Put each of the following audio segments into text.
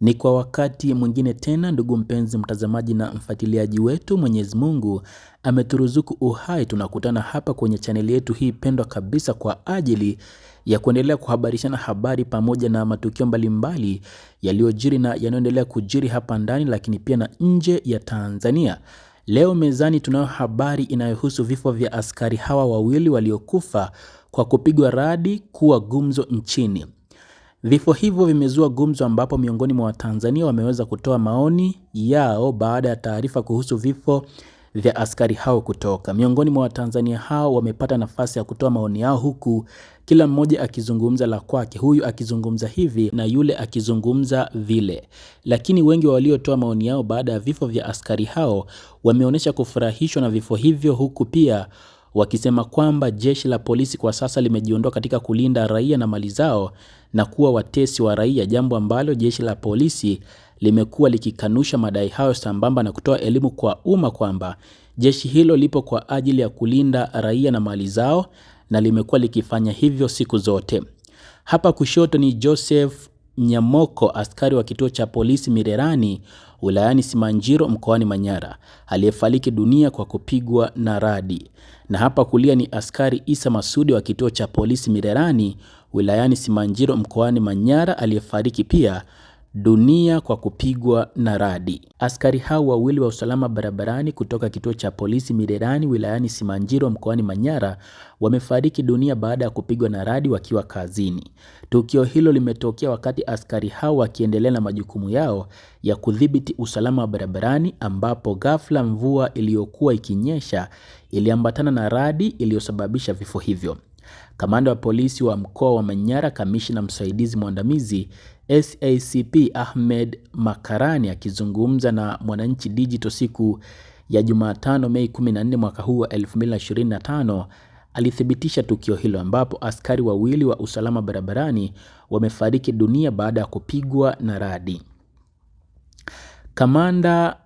Ni kwa wakati mwingine tena, ndugu mpenzi mtazamaji na mfuatiliaji wetu, Mwenyezi Mungu ameturuzuku uhai, tunakutana hapa kwenye chaneli yetu hii pendwa kabisa kwa ajili ya kuendelea kuhabarishana habari pamoja na matukio mbalimbali yaliyojiri na yanayoendelea kujiri hapa ndani, lakini pia na nje ya Tanzania. Leo mezani tunayo habari inayohusu vifo vya askari hawa wawili waliokufa kwa kupigwa radi kuwa gumzo nchini. Vifo hivyo vimezua gumzo ambapo miongoni mwa Watanzania wameweza kutoa maoni yao baada ya taarifa kuhusu vifo vya askari hao kutoka. Miongoni mwa Watanzania hao wamepata nafasi ya kutoa maoni yao huku kila mmoja akizungumza la kwake, huyu akizungumza hivi na yule akizungumza vile. Lakini wengi waliotoa maoni yao baada ya vifo vya askari hao wameonyesha kufurahishwa na vifo hivyo huku pia wakisema kwamba jeshi la polisi kwa sasa limejiondoa katika kulinda raia na mali zao na kuwa watesi wa raia, jambo ambalo jeshi la polisi limekuwa likikanusha madai hayo sambamba na kutoa elimu kwa umma kwamba jeshi hilo lipo kwa ajili ya kulinda raia na mali zao na limekuwa likifanya hivyo siku zote. Hapa kushoto ni Joseph Nyamoko, askari wa kituo cha polisi Mirerani wilayani Simanjiro mkoani Manyara aliyefariki dunia kwa kupigwa na radi. Na hapa kulia ni askari Isa Masudi wa kituo cha polisi Mirerani wilayani Simanjiro mkoani Manyara aliyefariki pia dunia kwa kupigwa na radi. Askari hao wawili wa usalama barabarani kutoka kituo cha polisi Mirerani wilayani Simanjiro mkoani Manyara wamefariki dunia baada ya kupigwa na radi wakiwa kazini. Tukio hilo limetokea wakati askari hao wakiendelea na majukumu yao ya kudhibiti usalama wa barabarani, ambapo ghafla mvua iliyokuwa ikinyesha iliambatana na radi iliyosababisha vifo hivyo. Kamanda wa polisi wa mkoa wa Manyara, kamishina msaidizi mwandamizi SACP Ahmed Makarani akizungumza na Mwananchi Digital siku ya Jumatano Mei 14 mwaka huu wa 2025 alithibitisha tukio hilo ambapo askari wawili wa usalama barabarani wamefariki dunia baada ya kupigwa na radi. Kamanda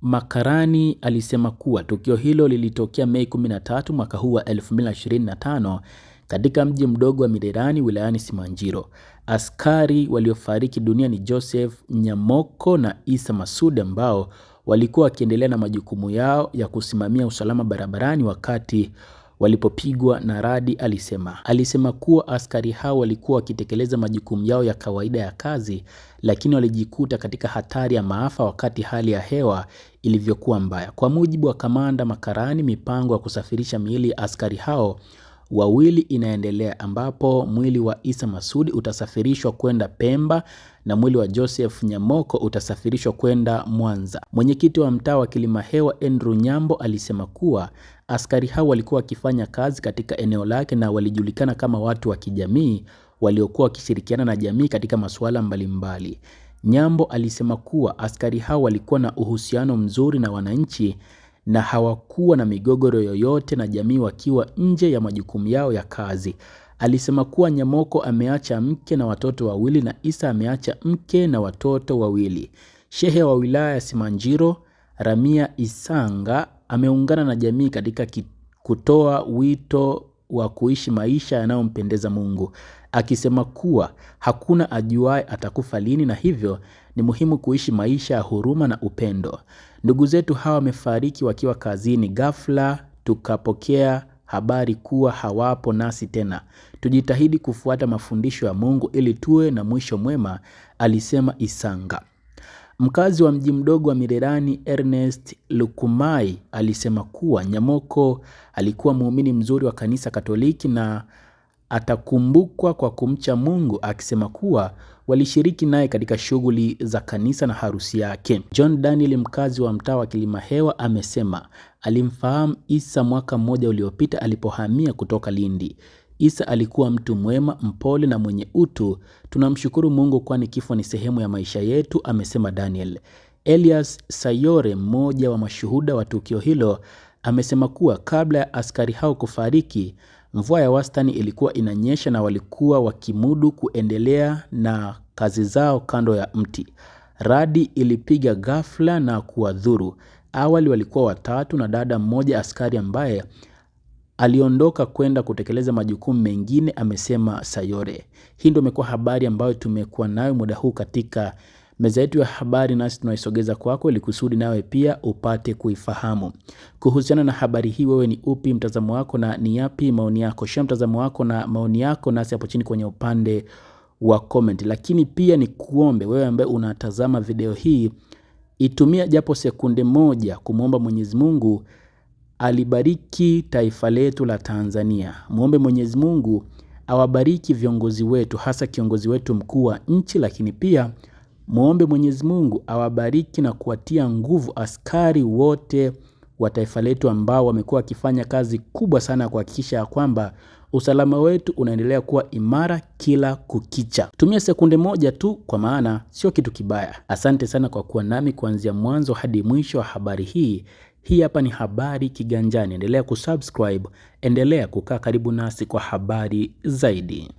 Makarani alisema kuwa tukio hilo lilitokea Mei 13 mwaka huu wa 2025 katika mji mdogo wa Mirerani wilayani Simanjiro. Askari waliofariki dunia ni Joseph Nyamoko na Isa masud ambao walikuwa wakiendelea na majukumu yao ya kusimamia usalama barabarani wakati walipopigwa na radi, alisema. Alisema kuwa askari hao walikuwa wakitekeleza majukumu yao ya kawaida ya kazi, lakini walijikuta katika hatari ya maafa wakati hali ya hewa ilivyokuwa mbaya. Kwa mujibu wa kamanda Makarani, mipango ya kusafirisha miili ya askari hao wawili inaendelea ambapo mwili wa Isa Masudi utasafirishwa kwenda Pemba na mwili wa Joseph Nyamoko utasafirishwa kwenda Mwanza. Mwenyekiti wa mtaa wa Kilimahewa Andrew Nyambo alisema kuwa askari hao walikuwa wakifanya kazi katika eneo lake na walijulikana kama watu wa kijamii waliokuwa wakishirikiana na jamii katika masuala mbalimbali. Nyambo alisema kuwa askari hao walikuwa na uhusiano mzuri na wananchi na hawakuwa na migogoro yoyote na jamii wakiwa nje ya majukumu yao ya kazi. Alisema kuwa Nyamoko ameacha mke na watoto wawili na Isa ameacha mke na watoto wawili. Shehe wa wilaya ya Simanjiro Ramia Isanga ameungana na jamii katika kutoa wito wa kuishi maisha yanayompendeza Mungu akisema kuwa hakuna ajuaye atakufa lini na hivyo ni muhimu kuishi maisha ya huruma na upendo. Ndugu zetu hawa wamefariki wakiwa kazini, ghafla tukapokea habari kuwa hawapo nasi tena. Tujitahidi kufuata mafundisho ya Mungu ili tuwe na mwisho mwema, alisema Isanga. Mkazi wa mji mdogo wa Mirerani, Ernest Lukumai, alisema kuwa Nyamoko alikuwa muumini mzuri wa kanisa Katoliki na atakumbukwa kwa kumcha Mungu akisema kuwa walishiriki naye katika shughuli za kanisa na harusi yake. John Daniel, mkazi wa mtaa wa Kilimahewa, amesema alimfahamu Isa mwaka mmoja uliopita alipohamia kutoka Lindi. Isa alikuwa mtu mwema, mpole na mwenye utu. Tunamshukuru Mungu kwani kifo ni sehemu ya maisha yetu, amesema Daniel. Elias Sayore, mmoja wa mashuhuda wa tukio hilo, amesema kuwa kabla ya askari hao kufariki, mvua ya wastani ilikuwa inanyesha na walikuwa wakimudu kuendelea na kazi zao kando ya mti. Radi ilipiga ghafla na kuwadhuru. Awali walikuwa watatu na dada mmoja askari ambaye aliondoka kwenda kutekeleza majukumu mengine, amesema Sayore. Hii ndio imekuwa habari ambayo tumekuwa nayo muda huu katika Meza yetu ya habari nasi tunaisogeza kwako ili kusudi nawe pia upate kuifahamu. Kuhusiana na habari hii, wewe ni upi mtazamo wako na ni yapi maoni yako? Shia mtazamo wako na maoni yako nasi hapo chini kwenye upande wa comment. Lakini pia ni kuombe wewe ambaye unatazama video hii, itumia japo sekunde moja kumwomba Mwenyezi Mungu alibariki taifa letu la Tanzania. Muombe Mwenyezi Mungu awabariki viongozi wetu, hasa kiongozi wetu mkuu wa nchi, lakini pia Muombe Mwenyezi Mungu awabariki na kuwatia nguvu askari wote wa taifa letu ambao wamekuwa wakifanya kazi kubwa sana kuhakikisha ya kwamba usalama wetu unaendelea kuwa imara kila kukicha. Tumia sekunde moja tu, kwa maana sio kitu kibaya. Asante sana kwa kuwa nami kuanzia mwanzo hadi mwisho wa habari hii. Hii hapa ni Habari Kiganjani. Endelea kusubscribe, endelea kukaa karibu nasi kwa habari zaidi.